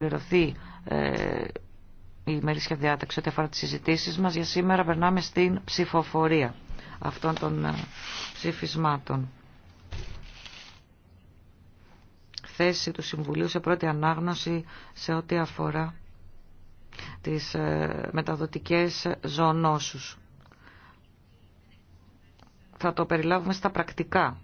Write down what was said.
ολοκληρωθεί ε, η ημερήσια διάταξη ό,τι αφορά τις συζητήσεις μας. Για σήμερα περνάμε στην ψηφοφορία αυτών των ε, ψηφισμάτων. Θέση του Συμβουλίου σε πρώτη ανάγνωση σε ό,τι αφορά τις ε, μεταδοτικές ζωνόσους. Θα το περιλάβουμε στα πρακτικά